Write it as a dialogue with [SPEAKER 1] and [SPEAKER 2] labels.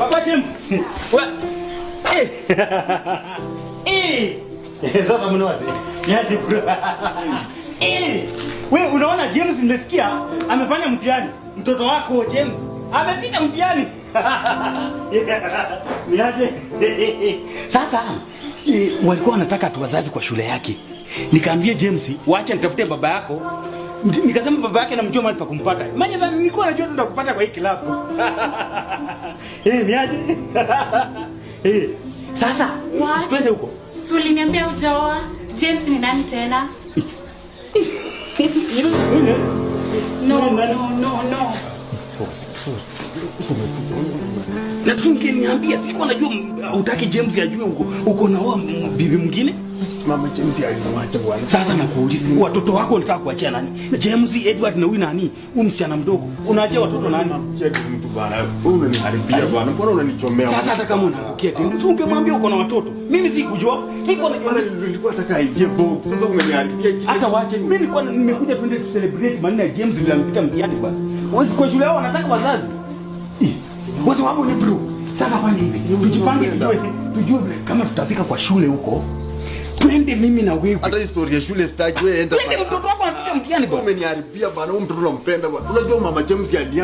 [SPEAKER 1] Babacım. unaona James nimesikia amefanya mtiani Mtoto wako James amepita mtihani. Niaje? Sasa eh, walikuwa wanataka tuwazazi kwa shule yake. Nikaambie James, wacha nitafute baba yako nikasema baba yake namjua mahali pa kumpata. Manya najua tu ndakupata kwa hii kilabu. Eh, niaje? Eh, sasa usikwende huko.
[SPEAKER 2] Si uliniambia James ni nani tena?
[SPEAKER 1] No, no, no, no. Usingeniambia, sikuwa najua utaki James ajue uko uko na wao bibi mwingine.
[SPEAKER 3] Mama James alimwacha bwana.
[SPEAKER 1] Sasa nakuuliza, watoto wako unataka kuachia nani? James, Edward na huyu nani? Huyu msichana mdogo. Unaachia watoto nani?
[SPEAKER 3] Mtu bwana, unaniharibia bwana. Mbona unanichomea?
[SPEAKER 1] Sasa hata kama unakukia tena, ungemwambia uko na watoto. Mimi sikujua. Sikuwa najua
[SPEAKER 3] nilikuwa nataka aingie box. Sasa umeniharibia.
[SPEAKER 1] Hata wache. Mimi nilikuwa nimekuja twende tu celebrate maana James ndiye alipita mtihani bwana. Wewe kwa shule yao wanataka wazazi. Wewe wapo ni bro. Sasa fanya hivi. Tujipange tujue tujue kama tutafika kwa shule huko. Twende mimi na wewe.
[SPEAKER 3] Hata historia ya shule sitaki wewe enda. Twende
[SPEAKER 1] mtoto wako anafika mtihani bwana.
[SPEAKER 3] Umeniharibia bwana, huyo mtoto unampenda bwana. Unajua mama James aliaje